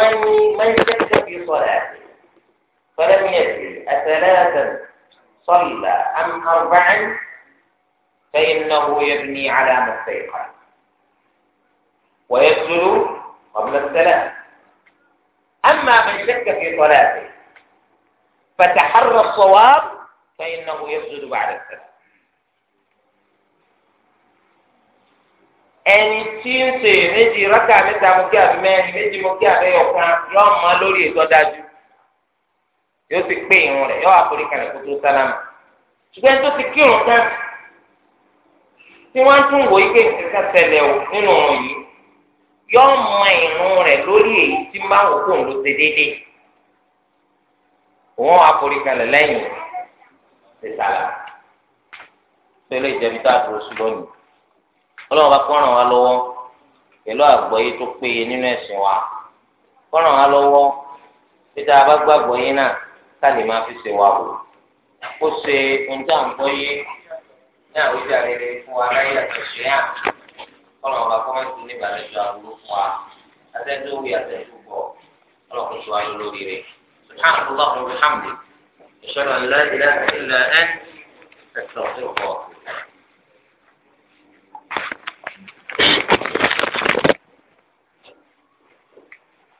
من من شك في صلاته فلم يدري أثلاثا صلى أم أربعا فإنه يبني على ما استيقن ويسجد قبل السلام أما من شك في صلاته فتحرى الصواب فإنه يسجد بعد السلام ẹni tí ń ṣe méjì rákà mẹ́ta mú kí àbí mẹ́rin méjì mú kí àbí yóò mọ lórí ètò yóò ti pé ìrun rẹ̀ yóò àforí kó tó sálámà ṣùgbọ́n tó ti kírun tán tí wọ́n tún wò ike nǹkan ṣẹlẹ̀ o nínú yóò mọ ìrun rẹ̀ lórí èyí tí máa wò kó ló ṣe òun àforí lẹ́yìn ṣe sálámà ọlọ́run bá kọ́ràn wa lọ́wọ́ pẹ̀lú àgbọ́yé tó péye nínú ẹ̀sìn wa kọ́ràn wa lọ́wọ́ títa bá gbàgbọ́ yé náà ká lè máa fi ṣe wa wò ó ṣe oúnjẹ àgbọ́yé ní àwùjọ àrèrè fún wa láyé àtẹ̀sẹ̀ náà kọ́ràn wa kọ́ máa ti ní ìbàlẹ̀jọ àbúrò fún wa àtẹ̀tẹ̀ òwe àtẹ̀tẹ̀ òbọ̀ ọlọ́kùn tó wáyé lórí rẹ̀ subhanahu wa ta'ala alhamdulilayi ṣọlá ńlá ìlà ìlà ẹ̀ ẹ̀sọ̀ tó kọ̀.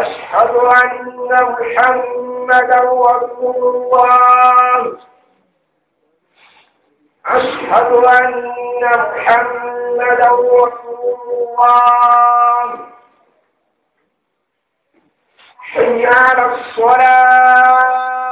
أشهد أن محمدا رسول الله أشهد أن محمدا رسول الله حي على الصلاة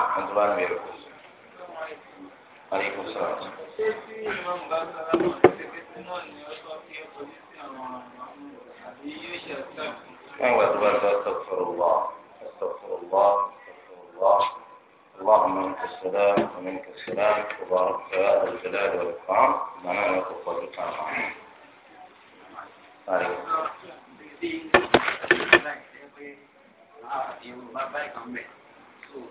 نعم السلام أيوة استغفر الله استغفر الله استغفر الله اللهم انت السلام ومنك السلام وبارك يا ذا الجلال والاكرام لنا وتفضلك على Thank kàn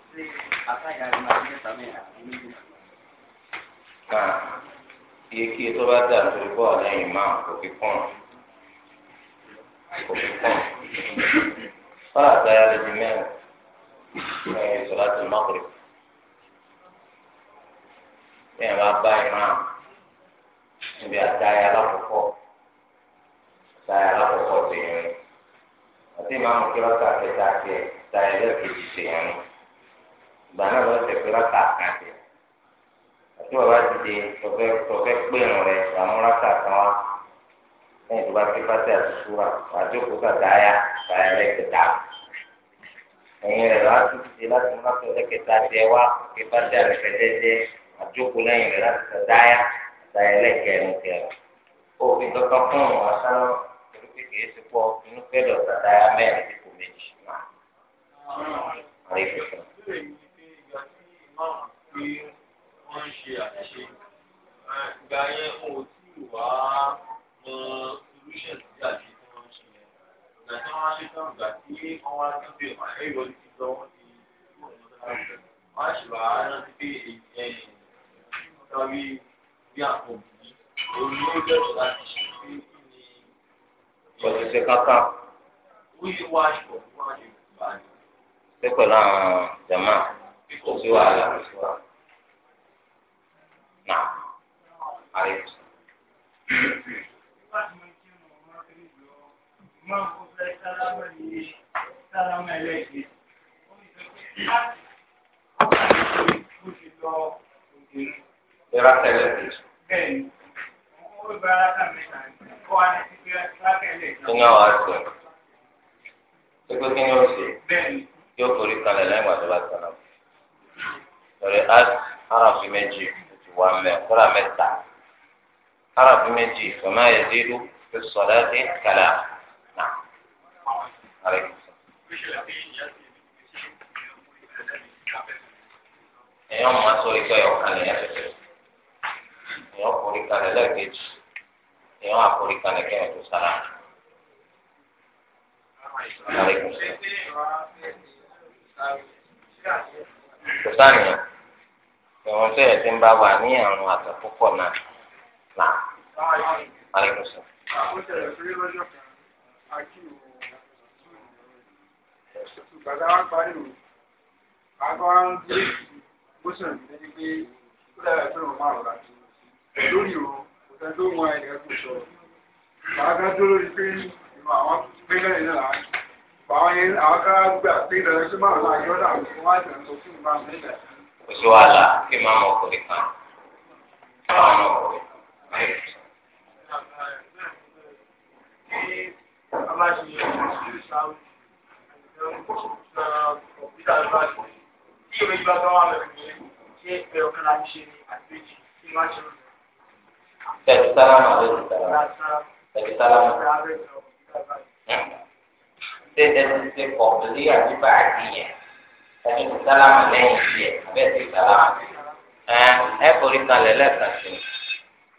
ah, iye kí tó bá dà torí bọ́ lẹ́yìn máa kò fi kàn kò fi kàn wọ́n àgbáyà lè di mẹ́rin lẹ́yìn sọ̀rọ̀ àti mọ́kùrì lẹ́yìn bá bá ìmáà níbi àtàyà lákòókò àtàyà lákòókò tèèyàn àti ìmáàmù kí wọ́n kà kẹta kẹ àtàyà lẹ́ẹ̀kejì tèèyàn ìgbà náà lọ sẹ̀ pé rákà kan àti bàbá ti di tọ́fẹ́ tọ́fẹ́ pé ìrùn rẹ̀ ìgbàmúra kà kan wá lẹ́yìn tó bá ti pàṣẹ àtúnṣúra àjókòó kàdáyà kàdáyà lẹ́kẹ̀dá ẹ̀yìn rẹ̀ lọ́wọ́ ti di láti múra tó lẹ́kẹ̀dá jẹ wá pé pàṣẹ àrẹ̀kẹ́dẹ́dẹ́ àjókòó lẹ́yìn rẹ̀ láti kàdáyà kàdáyà lẹ́kẹ̀rin kẹrin òfin kankan fún òun asánà pé kìí ti pọ̀ inú pẹ́lú kàdáyà mẹ́rin dípò méjì náà pé wọ́n ń ṣe àṣìṣe ìgbà yẹn ò tí ì wá mọ solution sí àṣìṣe tí wọ́n ń ṣe yẹn ìgbà tí wọ́n á ṣe tán ìgbà tí wọ́n wá sí pé ẹ̀yọ́ ti lọ wọ́n ti kú ọ̀nà tó bá wọ́n á ṣe wá rántí pé ẹ̀yìn sáré bí àpò yìí òun ló bẹ̀rẹ̀ láti ṣe pé kí ni. ọ̀sẹ̀ ṣe ó yẹ wá ìbọ̀ fún àyè ìgbà yẹn. ṣé pẹ̀lú àwọn jàmáà kò sí wàhálà kò sí wàhálà náà àrẹ kù. Ìrà tẹ̀lé kejì. Kí ni àwọn àṣẹ? Ṣé pé kí ni ó ṣe? ti wà mẹ kọlá mẹ́ta arabi méjì fama yẹ dídú fi sọlá dé kala nà. èèyàn máa sọrí pé ọ̀kan lè yàtọ̀ èèyàn forí kalẹ̀ lẹ́ẹ̀kejì èèyàn àforí kalẹ̀ kẹ́yìn tó sára. kò sáà nìyẹn ìwọ̀n tó yẹ ti ń bá wà ní àrùn àtọ̀ púpọ̀ náà là àlẹ́kùsọ. Bàbá wa parí o, àgọ́ wa ń gbé bóṣọ̀n ní ẹni pé ó dára tó rùn márùn-ún láti lórí o, kò tẹ́ tó mọ ẹni ẹkùn sọ. Bàbá kan tó lórí pé ìmọ̀ àwọn mẹ́lẹ́rin náà Bàbá yẹn àwọn kan gbà pé ìdọ̀lẹ́sí márùn-ún láti ọ̀dà àwọn ìwádìí ọ̀sán kò sí wàhálà kí máa mọ ọkùnrin kan káwọn ọmọ ọkùnrin báyìí. Tẹ̀sí sálámà ló ti sálámà. Tẹ̀sí sálámà. Ṣé ẹ ti ṣe kọ̀ọ̀bù lé àdúgbò àdìyẹ? ẹni tí sálámà lẹ́yìn tiẹ̀ bẹ́ẹ̀ ti sálámà ẹ ẹ forí kalẹ̀ lẹ́ẹ̀kan sí i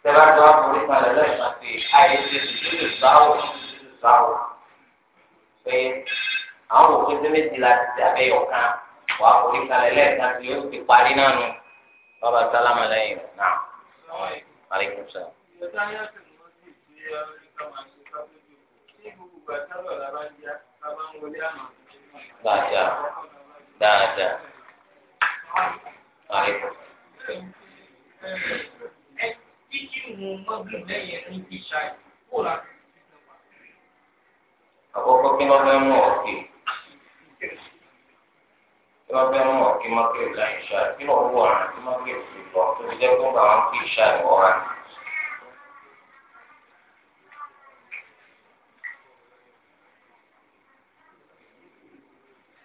sẹ́lá tó wá forí kalẹ̀ lẹ́ẹ̀kan sí i ayé ti dúdú sáwọ́ dúdú sáwọ́ pé àwọn òfin tó méjì láti ti àbẹ́yọ̀ kan wà forí kalẹ̀ lẹ́ẹ̀kan sí i ó ti parí náà nù bàbá sálámà lẹ́yìn náà àwọn àríkùn sọ. Gbàjá dáadáa. Àkọ́kọ́ kí wọ́n fẹ́ mú ọ̀kì. Kí wọ́n fẹ́ mú ọ̀kì mọ́kìrì láì ṣá. Kí wọ́n wú ọ̀ràn tí mọ́kìrì sì lọ tó fi jẹ́ kó bá wọn kí ìṣá ìwọ́ra.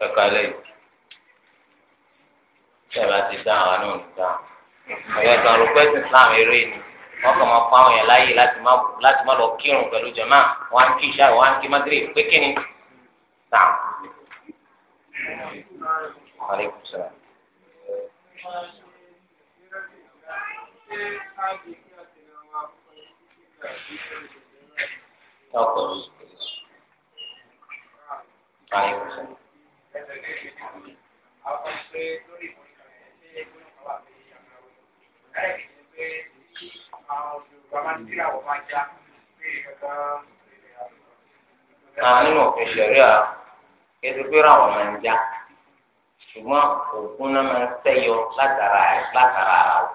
Kàkà lẹ́yìn bẹ́ẹ̀ bá ti dáhùn àwọn náà ń dáhùn ẹ̀yẹ kan rò pé ẹ̀sìn Islam eré ni wọ́n kàn máa pa àwọn yẹn láàyè láti má láti má lọ kírun pẹ̀lú jàmáà wọ́n á kí ìṣá wọ́n á kí madrid pé kí ni náà. Ọkọ̀ mi. Ah, nínú òfin ṣẹ̀ríà ètò ìpínlẹ̀ àwọn máa ń já ṣùgbọ́n òògùn náà máa ń sẹ́yọ látara ẹ̀ látara ara o.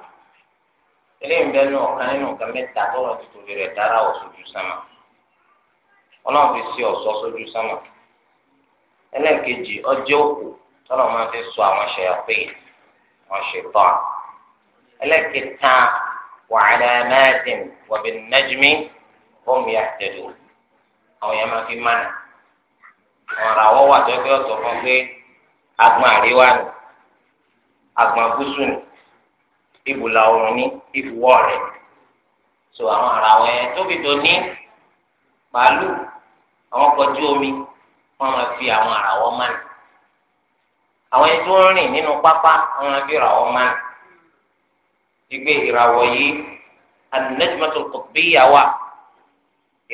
eléyìí ń bẹ nínú ọ̀kan nínú nǹkan mẹ́ta ti rẹ̀ dára sójú sánmà fi sójú sánmà ẹlẹ́ẹ̀kejì ọjọ́ òkú tọ́lọ́ máa fi sọ àwọn ṣẹ̀yà pé wọ́n ṣe ẹlẹ́ẹ̀kẹta. وعلامات وبالنجم هم يهتدون أو يما في معنى ọ̀rọ̀ àwọ̀ wà tó ẹgbẹ́ ọ̀tọ̀ fún pé agbọn àríwá ni agbọn gúúsù ni ibùlà oòrùn ni ìfúwọ́ rẹ̀ so àwọn ará wọn yẹn tóbi tó ní pàálù àwọn kọjú omi wọn máa fi àwọn ará wọn mánà àwọn yẹn tó ń rìn nínú pápá wọn máa fi rà wọn mánà igbe ìràwọ̀ yìí an-najmatu al-qutbiyya wà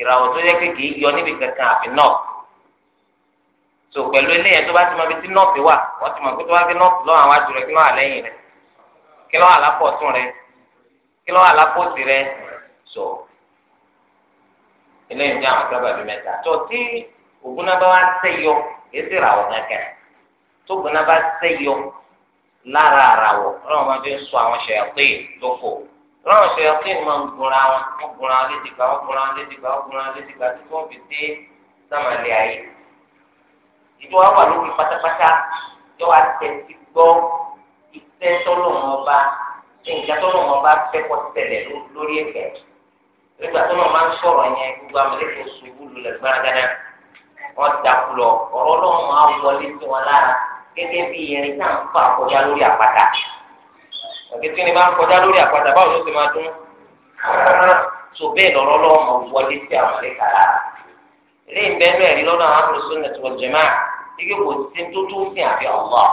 ìràwọ̀ tó yẹ kékeré yọ níbi kankan àfi náà so pẹ̀lú eléyẹn tó bá ti mọ ibi tí nọ́ọ̀tì wà wọ́n ti mọ pé tó bá fi nọ́ọ̀tì lọ́wọ́ àwọn àjò rẹ̀ kí lọ́wọ́ àlẹ́yìn rẹ̀ kí lọ́wọ́ àlápọ̀tún rẹ̀ kí lọ́wọ́ àlápọ̀tì rẹ̀ so eléyìí jẹ́ àwọn sábàbí mẹ́ta tó tí ògùn náà bá kì í sì ràwọ̀ kankan tó ògùn náà lára àràwọ̀ ọlọ́run máa fi ń sọ àwọn ṣèyàpín lófò ọlọ́run ṣèyàpín máa ń gunra wọn wọ́n gunra wọn létìgbà wọ́n gunra wọn létìgbà wọ́n gunra wọn létìgbà tí wọ́n fi dé sàmàlẹ́ ayé ìjọba wà lórí pátápátá yóò wá tẹ̀sí gbọ́ ìfẹ́ tọ́lọ́mọ ọba ìjà tọ́lọ́mọ ọba fẹ́kọ̀ tẹ̀lẹ̀ lórí ẹ̀fẹ́ nígbà tó máa ń sọ̀rọ̀ yẹn gbogbo amẹ́lẹ́kọ̀ọ́ ṣubú lulẹ̀ gbáradá wọn dàkú ọ̀rọ̀ ọlọ́run máa wọlé sí wọn lára gẹ́gẹ́ bí irin náà ń fà kọjá lórí àpáta òkè tí ni bá ń kọjá lórí àpáta báwo ló ti máa dún tó bẹ́ẹ̀ lọ́rọ́ lọ́wọ́ mọ̀ wọlé sí àwọn ẹ̀ka lára ilé ìbẹ́nu ẹ̀rí lọ́dọ̀ àwọn àpòlùsùn nẹ̀tì wọ́n jẹ̀má ike kò sí tó tó sìn àfi ọ̀wọ́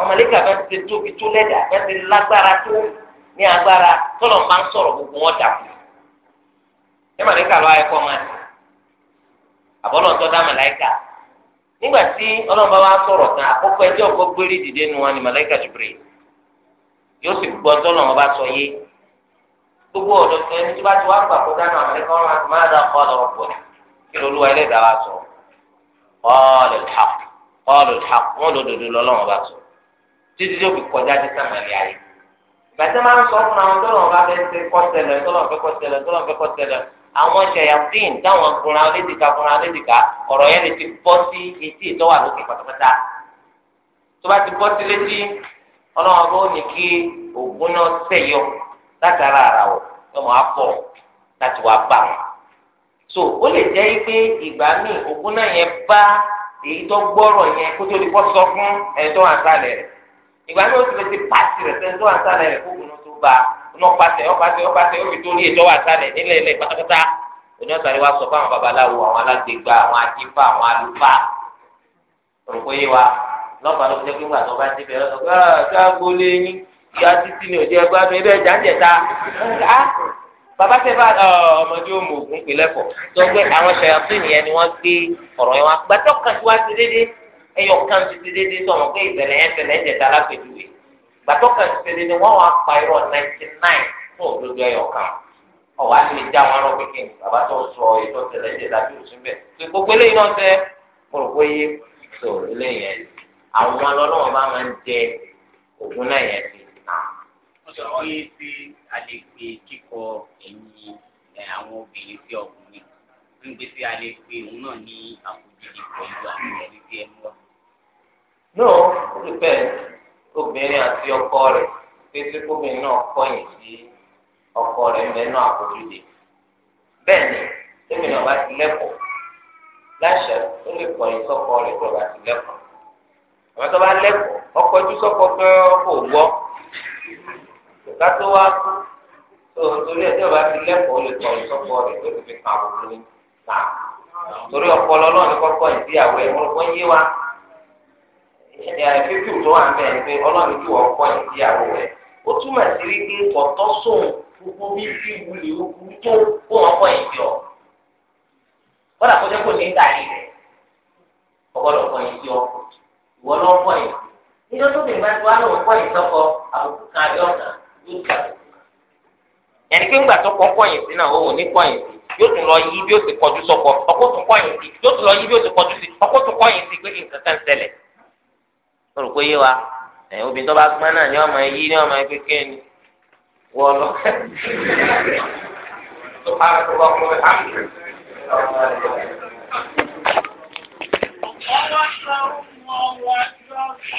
ọmọlẹ́kà bá ti tóbi tó lẹ́dà bá ti lágbára tó ní agbára tọ́lọ̀ máa ń sọ̀rọ̀ gbogbo wọn dàpọ̀ ẹ̀ mọ̀lẹ́kà lọ́ àyẹ̀kọ́ máa àbọ̀lọ̀ tọ́ dá mọ̀lẹ́kà nígbà tí ọlọ́run bá wá sọ̀rọ̀ tán àkọ́kọ́ ẹjọ́ kó gbérí dìde nu wọn ni màláíkà Jibril yóò sì gbọ́ tọ́lọ̀ wọn bá sọ yé gbogbo ọ̀dọ́ tó ẹni tó bá ti wá gbà kó dáná àmàlẹ́kà wọn máa dá kọ́ ọ̀dọ̀ pọ̀ kí lóluwa ẹlẹ́dàá wa sọ qala al-haqq qala al-haqq wọn lòdòdó lọ́lọ́run bá sọ títí tó fi kọjá dé sàmàlì ayé ìgbà tí wọn máa ń sọ fún àwọn àwọn ṣẹyàtìn táwọn kunra olédìka kunra olédìka ọ̀rọ̀ yẹn lè ti bọ́ sí etí ìtọ́wà lókè pátápátá tó bá ti bọ́ sí létí ọlọ́wọ́n bó ní kí ògùn náà sẹ̀yọ látara ara wọ̀ lọ́mọ apọ̀ láti wá bá wọn. so ó lè jẹ́ pé ìgbà míì ògùn náà yẹn bá èyí tó gbọ́rọ̀ yẹn kó tó di bọ́ sọ fún ẹ̀tọ́ àtàlẹ̀ rẹ̀ ìgbà mi ò sì fẹsẹ̀ pàṣẹ rẹ̀ sẹ́ni tó wà sálẹ̀ rẹ̀ kó kùnú tó bá ọ̀nà pàṣẹ ọ̀pàṣẹ ọ̀pàṣẹ ó fi tó ní ìjọ wà sálẹ̀ nílẹ̀ ilẹ̀ pátápátá oní ọ̀sán ni wàá sọ fáwọn babaláwo àwọn alágbègbè àwọn akínfà àwọn alùpà òrùkọ yé wa lọ́pàá ló fi jẹ́ pé ńgbà tó bá ń débẹ̀ lọ́sọ̀ pé ah, ṣáàgbó léyìn ìyá títí ni òjò ẹgbẹ́ mi ẹgbẹ́ ìjàǹjẹ̀ ta ah, bàbá tẹ bá ah, ọmọdé òmò ògùn pè lẹ́fọ̀ọ́ sọ pé àwọn ṣayàtúnyẹn ni wọ́n gbé ọ̀rọ̀ yẹn wá gbàtọ́ kan ẹyọ kan ti ti déédéé sọ̀rọ̀ pé ìbẹ̀rẹ̀ yẹn tẹ̀lé ẹ̀jẹ̀ta lápẹ̀jùwe gbàtọ́ kan ti ti déédéé wọ́n wá pa irọ́ ninety nine fún òdodo ẹyọ kan ọ̀wá lè já wọn lọ kékeré bàbá tó sọ ètò tẹ̀lé ẹ̀jẹ̀ta tó sùn bẹ̀ tó gbogbo eléyìí náà fẹ́ mo yé tó eléyìí yẹn àwọn ọlọ́wọ́n bá máa ń jẹ ògùn náà yẹn ti nà. wọ́n sọ no ó ti bẹ́ẹ̀ obìnrin àti ọkọ rẹ̀ pété kóbìnrin náà kọ̀yìn sí ọkọ rẹ̀ ń bẹ náà àkójúde bẹ́ẹ̀ ni tẹ́mi náà bá ti lẹ́kọ̀ọ́ láṣẹ ó lè kọ̀yìn sọ́kọ rẹ̀ tó bá ti lẹ́kọ̀ọ́ àwọn tó bá lẹ́kọ̀ọ́ ọkọ ojú sọ́kọ pé ọkọ ò gbọ́ ìka tó wá kú tó torí ẹ̀ tí ọba ti lẹ́kọ̀ọ́ ó lè kọ̀yìn sọ́kọ rẹ̀ tó ti fi kàn àbùkù ní ta torí ọpọlọ náà ní kọ́kọ́ ìdíyàwó ẹ̀ mọ́ fífi tó wà bẹ́ẹ̀ ni pé ọlọ́run kí wọ́n kọ́ rẹ̀ ó túmọ̀ sí rí sóun gbogbo bí bí wú tó kó wọn kọ́ ní dàrí rẹ̀ ọgbọ́dọ̀ kọ́ ìwọ kọ́ ti wá lóun kọ́ àbùkù kan ẹni pé ńgbà tó kọ́ náà ní yóò tún lọ yí bí ó ti kọjú sọ́kọ ọkọ tún kọ́yìn sí yóò tún lọ yí bí ó ti kọjú sí rò pé yé wa ẹ obìnrin tó bá gbọ́n náà ní ọmọ yìí ní ọmọ kékeré ni wọ lọ.